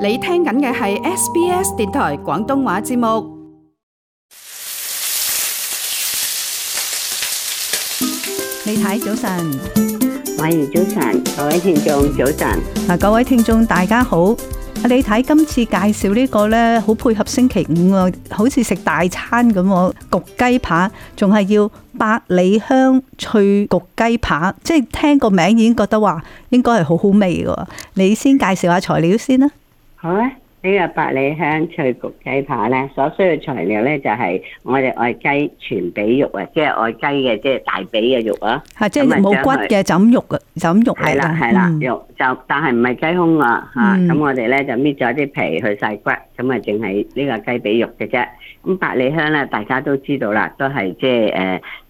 你聽緊嘅係 SBS 電台廣東話節目。李太早晨，馬姨早晨，各位聽眾早晨。嗱，各位聽眾大家好。阿李太今次介紹呢個咧，好配合星期五喎，好似食大餐咁喎。焗雞扒仲係要百里香脆焗雞扒，即係聽個名已經覺得話應該係好好味嘅。你先介紹下材料先啦。好咧，啊，呢、這個百里香脆焗雞扒咧，所需嘅材料咧就係、是、我哋外雞全髀肉，就是、肉啊，即係外雞嘅即係大髀嘅肉啊，嚇肉，即係冇骨嘅，就咁、嗯、肉嘅，就肉係啦，係啦，肉就，但係唔係雞胸啊，嚇、嗯、咁、啊、我哋咧就搣咗啲皮去晒骨，咁啊，淨係呢個雞髀肉嘅啫。咁百里香咧，大家都知道啦，都係即係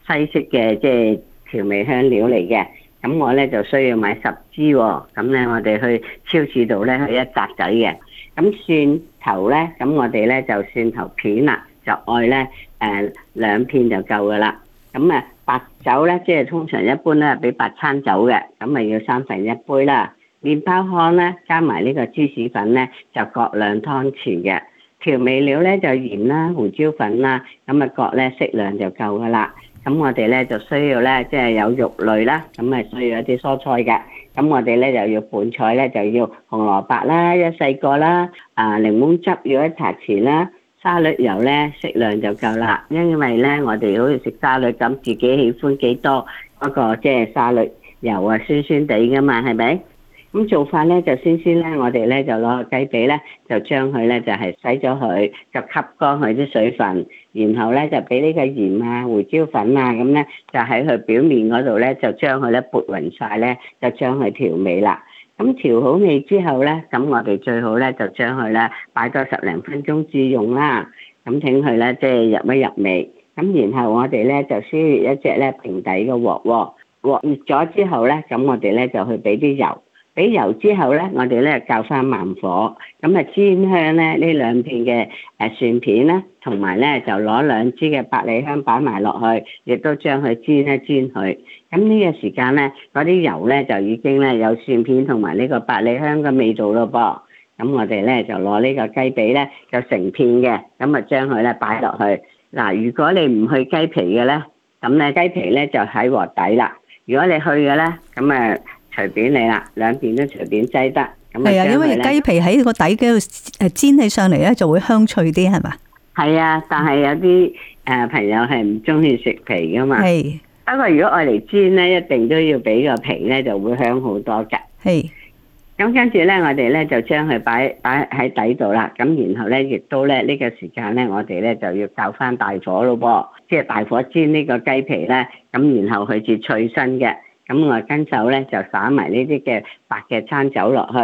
誒西式嘅即係調味香料嚟嘅。咁我咧就需要買十支喎，咁咧我哋去超市度咧去一紮仔嘅。咁蒜頭咧，咁我哋咧就蒜頭片啦，就愛咧誒、呃、兩片就夠噶啦。咁啊白酒咧，即係通常一般咧俾白餐酒嘅，咁咪要三分一杯啦。麵包糠咧，加埋呢個芝士粉咧，就各兩湯匙嘅。調味料咧就鹽啦、胡椒粉啦，咁啊各咧適量就夠噶啦。咁我哋咧就需要咧，即係有肉類啦，咁係需要一啲蔬菜嘅。咁我哋咧就要拌菜咧，就要紅蘿蔔啦、一細個啦，啊檸檬汁要一茶匙啦，沙律油咧適量就夠啦。因為咧，我哋好似食沙律咁，自己喜歡幾多，不過即係沙律油啊酸酸哋噶嘛，係咪？咁做法咧就先先咧，我哋咧就攞個雞髀咧，就將佢咧就係洗咗佢，就吸乾佢啲水分，然後咧就俾呢個鹽啊、胡椒粉啊咁咧，就喺佢表面嗰度咧就將佢咧撥勻晒，咧，就將佢調味啦。咁調好味之後咧，咁我哋最好咧就將佢咧擺多十零分鐘至用啦。咁請佢咧即係入一入味。咁然後我哋咧就先熱一隻咧平底嘅鑊，鑊，鑊熱咗之後咧，咁我哋咧就去俾啲油。俾油之後咧，我哋咧校返慢火，咁啊煎香咧呢兩片嘅誒蒜片咧，同埋咧就攞兩支嘅百里香擺埋落去，亦都將佢煎一煎佢。咁呢個時間咧，嗰啲油咧就已經咧有蒜片同埋呢個百里香嘅味道咯噃。咁我哋咧就攞呢個雞髀咧，就成片嘅，咁啊將佢咧擺落去。嗱，如果你唔去雞皮嘅咧，咁咧雞皮咧就喺鑊底啦。如果你去嘅咧，咁啊。隨便你啦，兩邊都隨便擠得。係啊，因為雞皮喺個底度誒煎起上嚟咧，就會香脆啲，係、啊嗯、嘛？係啊是，但係有啲誒朋友係唔中意食皮噶嘛？係。不過如果我嚟煎咧，一定都要俾個皮咧，就會香好多噶。係是。咁跟住咧，我哋咧就將佢擺擺喺底度啦。咁然後咧亦都咧呢、這個時間咧，我哋咧就要校返大火咯噃，即、就、係、是、大火煎個雞呢個雞皮咧。咁然後佢至脆身嘅。咁我跟手咧就撒埋呢啲嘅白嘅餐酒落去，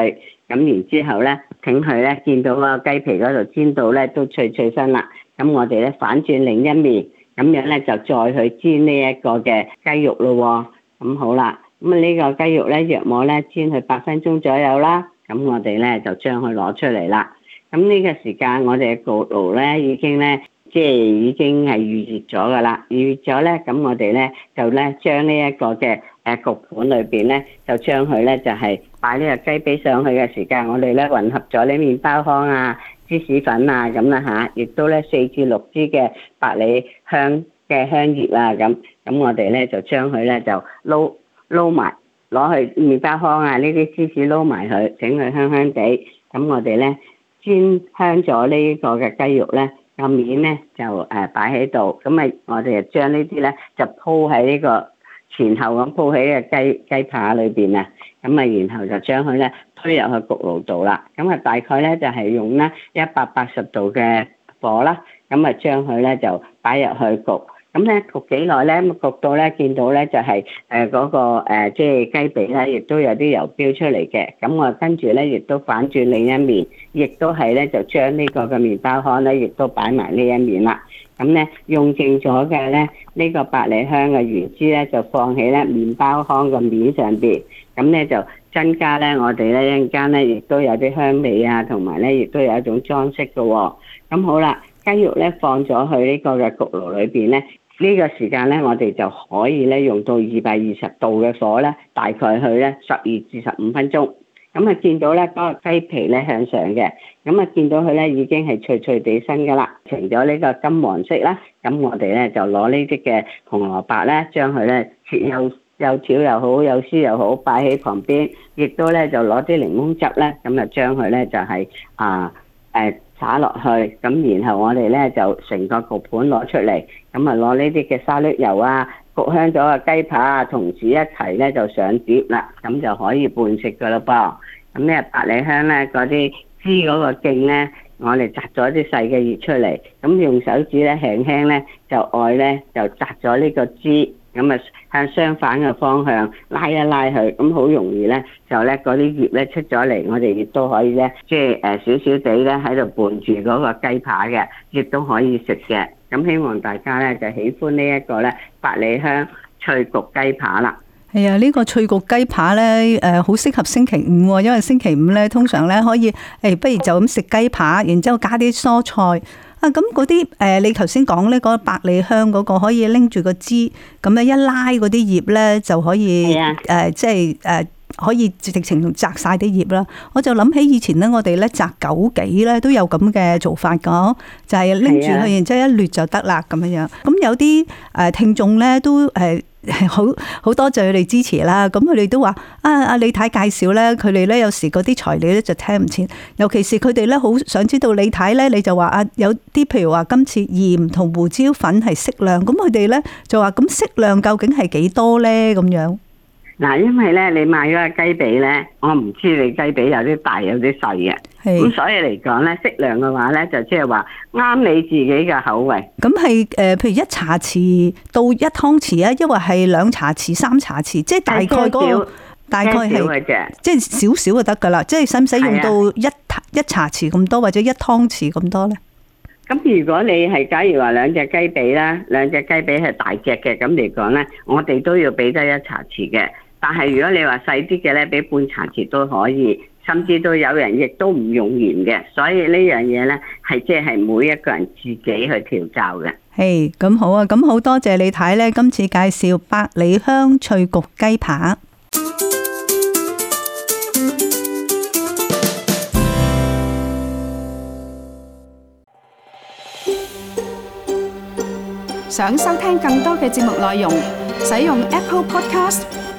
咁然之後咧，整佢咧見到個雞皮嗰度煎到咧都脆脆身啦，咁我哋咧反轉另一面，咁樣咧就再去煎呢一個嘅雞肉咯、哦，咁好啦，咁啊呢個雞肉咧約莫咧煎佢八分鐘左右啦，咁我哋咧就將佢攞出嚟啦，咁呢個時間我哋焗爐咧已經咧。即係已經係預熱咗嘅啦，預熱咗咧，咁我哋咧就咧將呢一個嘅誒焗盤裏邊咧，就將佢咧就係擺呢個雞髀上去嘅時間，我哋咧混合咗啲麵包糠啊、芝士粉啊咁啦嚇，亦都咧四至六支嘅百里香嘅香葉啦咁，咁我哋咧就將佢咧就撈撈埋攞去麵包糠啊呢啲芝士撈埋佢，整佢香香地，咁我哋咧煎香咗呢個嘅雞肉咧。個面咧就誒擺喺度，咁啊我哋就將呢啲咧就鋪喺呢個前後咁鋪喺嘅雞雞扒裏邊啊，咁啊然後就將佢咧推入去焗爐度啦，咁啊大概咧就係用咧一百八十度嘅火啦，咁啊將佢咧就擺入去焗。咁咧焗幾耐咧，焗到咧見到咧就係誒嗰個即係、呃、雞髀咧，亦都有啲油飆出嚟嘅。咁我跟住咧，亦都反轉另一面，亦都係咧就將呢個嘅麵包糠咧，亦都擺埋呢一面啦。咁咧用剩咗嘅咧，這個、呢個百里香嘅圓珠咧，就放喺咧麵包糠嘅面上邊。咁咧就增加咧我哋咧一陣間咧亦都有啲香味啊，同埋咧亦都有一種裝飾嘅、哦。咁好啦。雞肉咧放咗去呢個嘅焗爐裏邊咧，呢、這個時間咧，我哋就可以咧用到二百二十度嘅火咧，大概去咧十二至十五分鐘。咁啊，見到咧，嗰個雞皮咧向上嘅，咁啊，見到佢咧已經係脆脆地身㗎喇，成咗呢個金黃色啦。咁我哋咧就攞呢啲嘅紅蘿蔔咧，將佢咧切又又條又好，又絲又好，擺喺旁邊，亦都咧就攞啲檸檬汁咧，咁、就是、啊將佢咧就係啊誒，灑落去，咁然後我哋咧就成個焗盤攞出嚟，咁啊攞呢啲嘅沙律油啊，焗香咗嘅雞扒啊，同時一齊咧就上碟啦，咁就可以伴食噶嘞噃。咁咧百里香咧嗰啲枝嗰個莖咧，我哋摘咗啲細嘅葉出嚟，咁用手指咧輕輕咧就愛咧就摘咗呢個枝。咁啊，向相反嘅方向拉一拉佢，咁好容易呢，就呢嗰啲葉呢出咗嚟，我哋亦都可以呢，即係誒少少地呢喺度拌住嗰個雞扒嘅，亦都可以食嘅。咁希望大家呢就喜歡呢一個呢百里香脆焗雞扒啦。係啊，呢個脆焗雞扒呢誒，好適合星期五啊，因為星期五呢通常呢可以誒，哎，不如就咁食雞扒，然之後加啲蔬菜。啊，咁嗰啲，誒，你頭先講咧，嗰、那個、百里香嗰個可以拎住個枝，咁樣一拉嗰啲葉咧，就可以，誒是、啊呃，即係誒，可以直情摘晒啲葉啦。我就諗起以前咧，我哋咧摘枸杞咧都有咁嘅做法㗎，就係拎住佢，是啊、然之後一捋就得啦，咁樣樣。咁有啲誒、呃、聽眾咧都誒。呃好好多謝佢哋支持啦，咁佢哋都話啊，阿李太介紹咧，佢哋咧有時嗰啲材料咧就聽唔清，尤其是佢哋咧好想知道李太咧，你就話啊，有啲譬如話今次鹽同胡椒粉係適量，咁佢哋咧就話咁適量究竟係幾多咧咁樣。嗱，因為咧，你買嗰個雞髀咧，我唔知你雞髀有啲大有啲細嘅，咁係所以嚟講咧，適量嘅話咧，就即係話啱你自己嘅口味。咁係誒，譬如一茶匙到一湯匙啊，抑或係兩茶匙、三茶匙，即係大概嗰、嗰個，少大概係，即係少少就得噶啦。即係使唔使用到一一茶匙咁多，啊、或者一湯匙咁多咧？咁如果你係假如話兩隻雞髀啦，兩隻雞髀係大隻嘅，咁嚟講咧，我哋都要俾得一茶匙嘅。但係如果你話細啲嘅呢，俾半茶匙都可以，甚至都有人亦都唔用鹽嘅，所以呢樣嘢呢係即係每一個人自己去調教嘅。誒，咁好啊！咁好多謝你睇呢今次介紹百里香脆焗雞扒。想收聽更多嘅節目內容，使用 Apple Podcast，